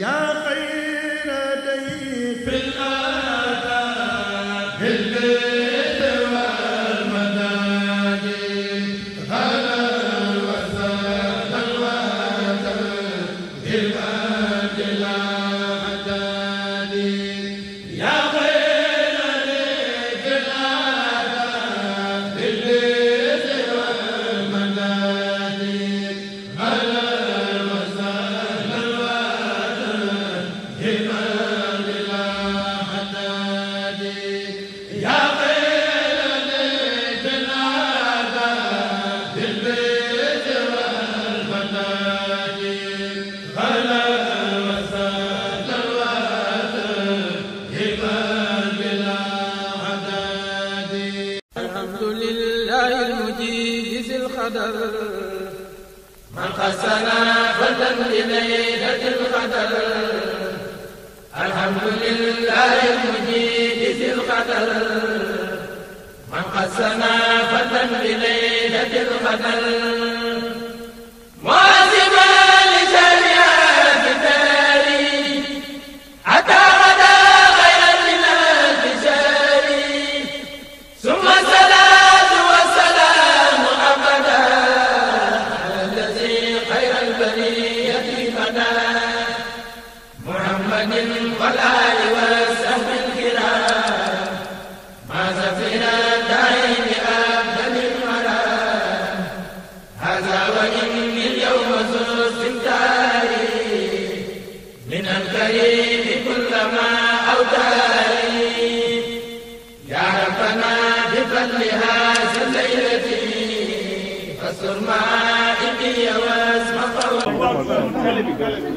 yaa أنقذنا فتى لليلة القدر الحمد لله المجيد ذي القدر من قسنا فتى لليلة القدر الدارين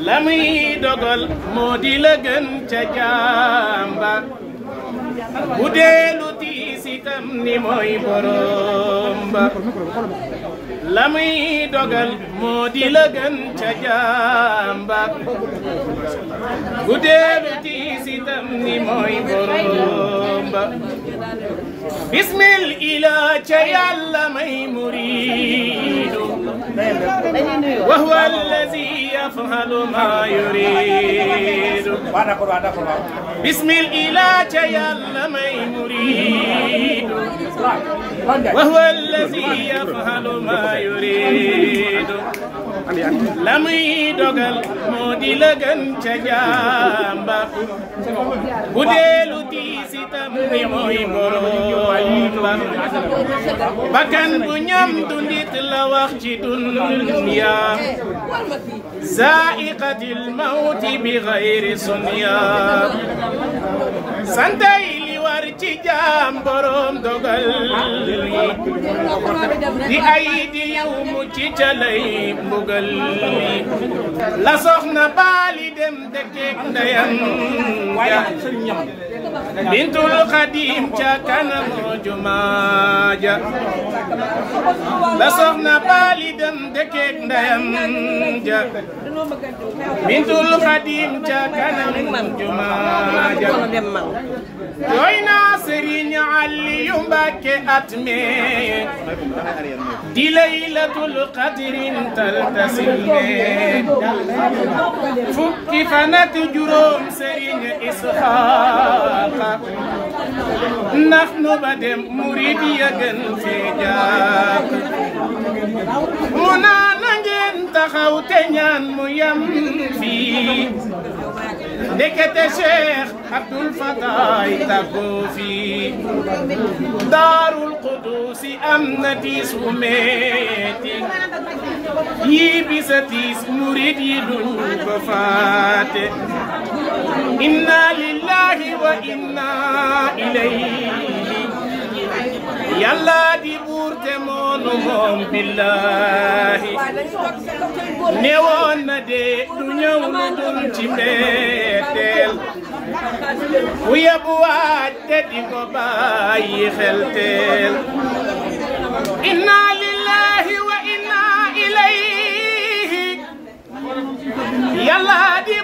la muy dogal moo la gën ca jàmba bu dee lu tiis mooy borom la muy dogal moo di la gën ca jàmba bu deelu tiis itam ni mooy borom ba bismil ila ca yàlla may murid وهو الذي يفعل ما يريد بسم الإله يلا من يريد وهو الذي يفعل ما يريد la muy dogal moo la gën ca jàmba bu lu diis itam ni mooy defar bakkan bu ñam dundit la wax ci dunya zaiqatil mawti bi ghayri sunya santay li war ci jaam borom dogal di ay di mu ci calay mbugal la soxna baali dem dëkkeek ndeyam بنت القديم كان جماجة la soxna baali dem dëkkeek ndeyam ja bintul xadim ca kanam jumaaja jooy at mee di laylatul qadrin taltasil mee fukki fanat juróom sëriñ Isxaa ndax ba dem murid ya gën fee mu naa na ngeen taxaw te ñaan mu yam fii ndekete Cheikh Abdoul Fatay tàggoo fii daarul qudusi am na tiis wu meeti yii bisa tiis murid yi duñ وإنا إليه yàlla di buur te moonu moom billaahi newoon na de du ñëw lu dul ci mbetteel ku yebuwaat te di ko bàyyi xel teel inna lillaahi wa inna ilayhi yàlla di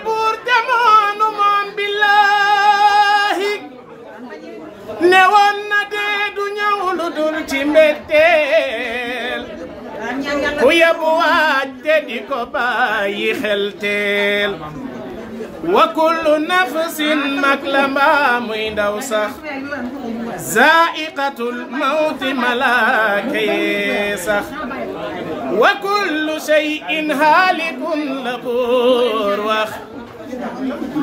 mu waaj ko bàyyi xel wa kullu nafsin mag la muy ndaw sax zaiqatul mawti malaaka yee wa kullu shay'in haalikun la buur wax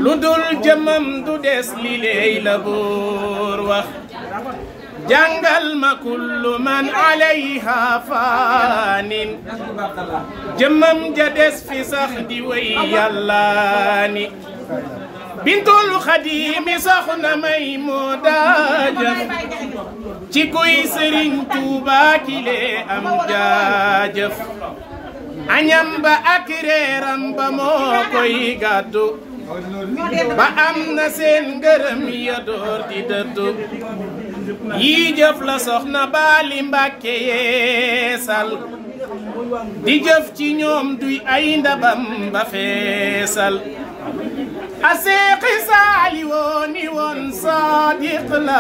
lu dul du des li la buur jàngal ma kullu man alayha faanin jëmmam ja des fi sax di way yàlla ni bintul soxna may moo daajam ci kuy sëriñ Tuuba kile am jaajëf añam ba ak reeram ba moo koy gàddu ba am na seen ngërëm ya door di dëddu yii jëf la soxna Baali Mbàkke yeesal di jëf ci ñoom duy ay ndabam ba feesal aseexi saali wooni woon saadiq la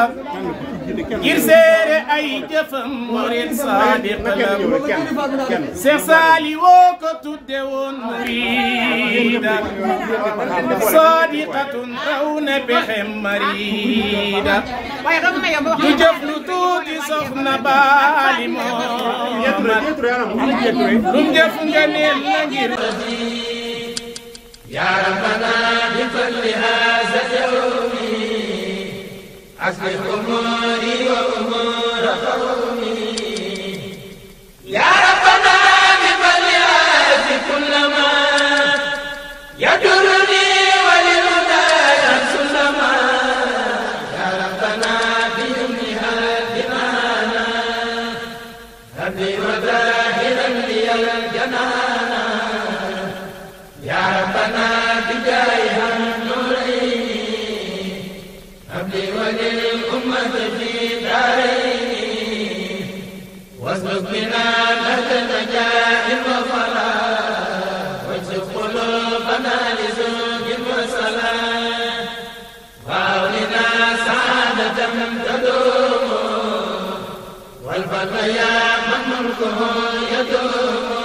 ngir seere ay jëfam murid saadiq la Seex Saali woo ko murida saadiqatun raw na pexem marida du jëf baali moomat lum jëf nga neel la ngir يا ربنا عزم الأمور وأمور فاسلك بنا نهج نجاح وفلاح واجذب قلوبنا لزوج وسلام وأولنا سعادة تدوم والفضل يا من ملكه يدوم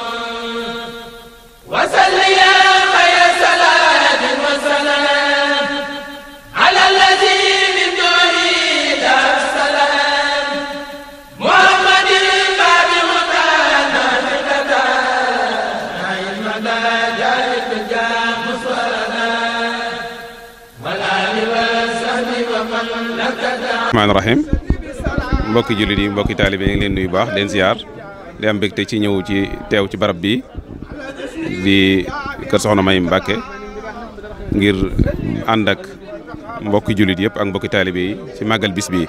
rahmaani rahim mbokki jullit yi mbokki taalibe yi leen nuyu baax leen ziar di am mbégte ci ñëw ci teew ci barab bi di kër Soxna May Mbàkke ngir ànd ak mbokki jullit yëpp ak mbokki taalibe yi ci màggal bis bi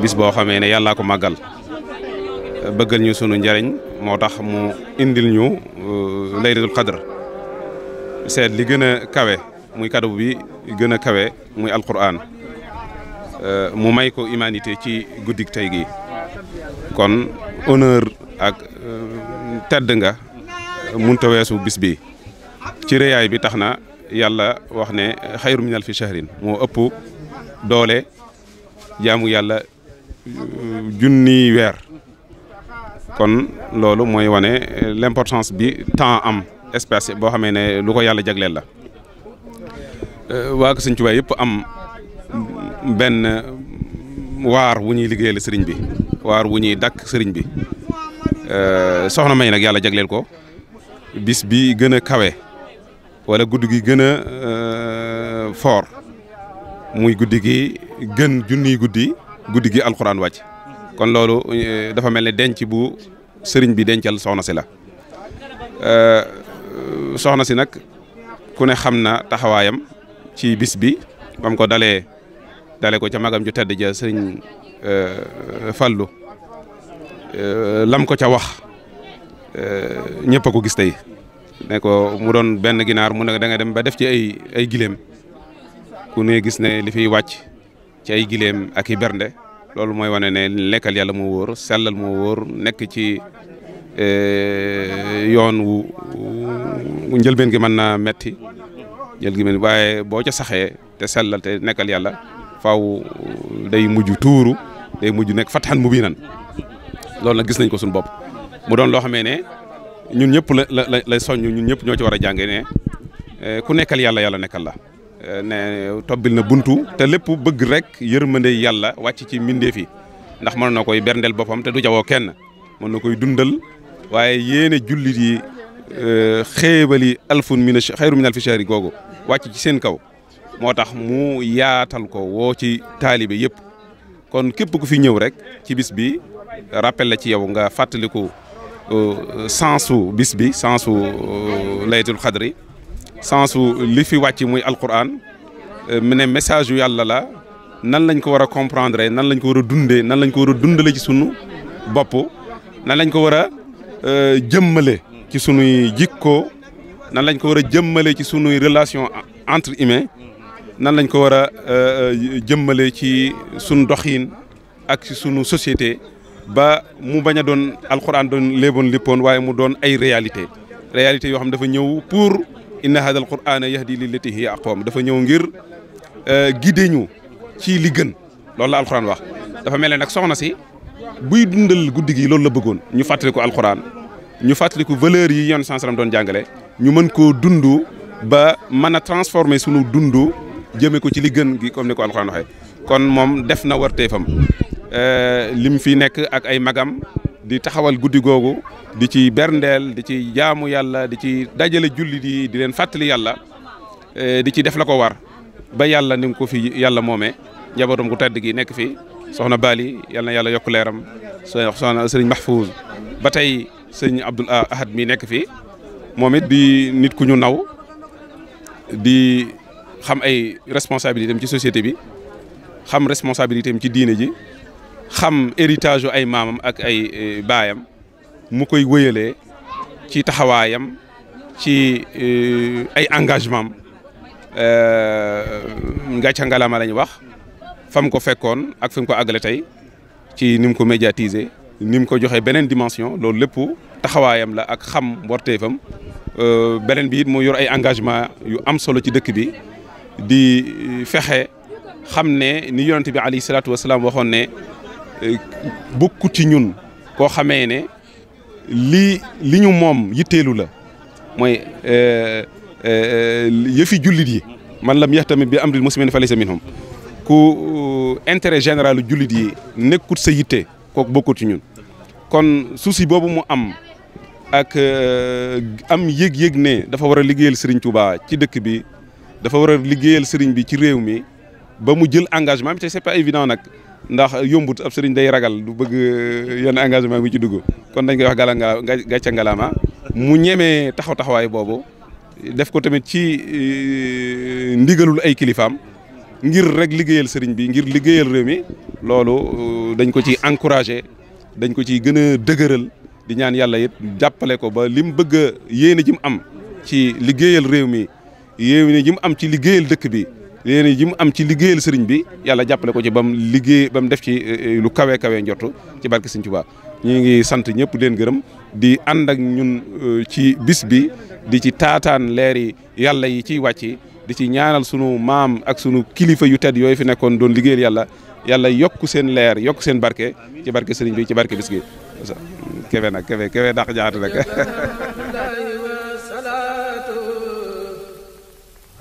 bis boo xamee ne yàllaa ko màggal bëggal ñu sunu njariñ moo tax mu indil ñu euh, laylatul qadr seet li gën kawe muy kado bi gën a kawe muy alquran Euh, mu may ko humanité ci guddik tey gi kon honneur ak euh, tedd nga munta weesu bis bi ci réyaay bi tax na yàlla wax ne xayru min alfi shahrin moo ëpp doole jaamu yàlla euh, junni weer kon loolu mooy wane l'importance bi temps am espace boo xamee ne lu ko yàlla jagleel la waa ko Sëñ Tuubaa yëpp am benn waar wu ñuy liggéeyal sëriñ bi waar wu ñuy dakk sëriñ bi euh, soxna may nag yàlla jagleel ko bis bi gën a kawe walla guddi gi gën a euh, fort muy guddi gi gën junniy guddi guddi gi alxuraan wàcc kon loolu euh, dafa mel ne denc bu sëriñ bi dencal soxna si la soxna si nag ku ne xam na taxawaayam ci bis bi bam ko dalee dale ko ca magam ju tedd ja sëriñ euh, Fallou euh, lam ko ca wax euh, ñëpp ko gis tey ne ko mu doon benn ginaar mu ne da dem ba def ci ay ay gileem ku ne gis ne li fiy wàcc ci ay gileem ak i bernde loolu mooy wane ne lekkal yàlla moo wóor sellal moo wóor nekk ci yoon wu njëlbeen gi mën naa metti njël gi waaye boo ca saxee te sellal te nekkal yàlla faaw day mujj tuuru day mujj nekk fatxan mubiinan loolu nag gis nañ ko suñu bopp mu doon loo xamee ne ñun ñëpp la la lay ñun ñëpp ñoo ci war a jàngee ne eh, ku nekkal yàlla yàlla nekkal la eh, ne tobbil na buntu te lépp bëgg rek yërmande yàlla wàcc ci mbindeef yi ndax mën na koy berndeel boppam te du jawo kenn mën na koy dundal waaye yéene jullit yi eh, xéebali alfun min xayru min alfi shahri googu wàcc ci seen kaw moo tax mu yaatal ko woo ci taalibe yëpp kon képp ku fi ñëw rek ci bis bi rappel la ci yow nga fàttaliku euh, sensu bis bi sensu euh, laytul xadri sensu li fi wàcc muy alquran euh, mu ne message yu yàlla la nan lañ ko war a comprendre nan lañ ko war a dundee nan lañ ko war a dundale ci sunu bopp nan lañ ko war a jëmmale ci sunuy jikko nan lañ ko war a jëmmale ci sunuy relation entre humains nan lañ ko war a euh, euh, jëmmale ci sunu doxiin ak ci sunu societé ba mu bañ doon alxuraan doon léeboon lippoon waaye mu doon ay réalité réalité yoo xam dafa ñëw pour inna hada alqurana yahdi lillati a aqwam dafa ñëw ngir euh, guider ñu ci li gën loolu la alxuraan wax dafa mel ne nag soxna si buy dundal guddi gi loolu la bëggoon ñu ko alxuraan ñu fàttaliku valeurs yi yoon sansaram doon jàngale ñu mën koo dund ba mën a transformer sunu dund jëme ko ci li gën gi comme ni ko alxuraan waxee kon moom def na warteefam eh, lim fi nekk ak ay magam di taxawal guddi googu di ci berndeel di ci jaamu yàlla di ci dajale julli di di leen fàttali yàlla eh, di ci def la ko war ba yàlla ni ko fi yàlla moome njabootam gu tedd gi nekk fi soxna Bali yàlla na yàlla yokk leeram soxna sëriñ Mahfouz ba tey sëriñ Abdul Ahad mi nekk fi moomit it di nit ku ñu naw di. xam ay responsabilité am ci société bi xam responsabilité am ci diine ji xam héritage ay maamam ak ay eh, baayam mu koy wëyalee ci taxawaayam ci eh, ay engagement am euh, ngàcca ngalama lañ wax fam ko fekkoon ak fi ko àggale tey ci ni mu ko médiatiser ni ko joxee beneen dimension loolu lépp taxawaayam la ak xam mborteefam euh, beneen bi it mu yor ay engagement yu am solo ci dëkk bi di eh, fexe xam ne ni yonent bi alayhi salaatu wasalaam waxoon ne eh, bokku ñun koo xamee ne lii li ñu moom yitteelu la mooy eh, yëfi jullit yi man la lam tamit bi amril muslimin fa laysa minhum ku intérêt général jullit yi nekkut sa yitte kooku bokkut ci ñun kon souci boobu mu am ak am yëg-yëg ne dafa war a liggéeyal Serigne Touba ci dëkk bi dafa war a liggéeyal sëriñ bi ci réew mi ba mu jël engagement bi te c'est pas évident nag ndax yombut ab sëriñ day ragal du bëgg euh, yenn engagement bi ci dugg kon dañ koy wax gàllangaa gàcce ngalaama mu ñemee taxaw taxawaay boobu def ko tamit ci euh, ndigalul ay kilifaam ngir rek liggéeyal sëriñ bi ngir liggéeyal réew mi loolu euh, dañ ko ci encouragé dañ ko ci gën a dëgëral di ñaan yàlla yit jàppale ko ba lim bëgg a yéene ji mu am ci liggéeyal réew mi yéene ji mu am ci liggéeyal dëkk bi yéene ji mu am ci liggéeyal sëriñ bi yàlla jàppale ko ci bam liggéey bam def ci eh, eh, lu kawe kawe njortu ci barke Sëriñ Tuubaa ñu ngi sant ñëpp leen gërëm di ànd ak ñun eh, ci bis bi di ci taataan leeri yàlla yi ci wàcc di ci ñaanal sunu maam ak sunu kilifa yu tedd yooyu fi nekkoon doon liggéeyal yàlla yàlla yokk seen leer yokk seen barke ci barke sëriñ bi ci barke bis gi. kebe nag kebe kebe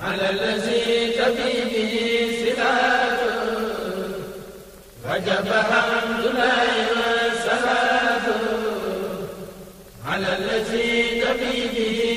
على الذي تبي به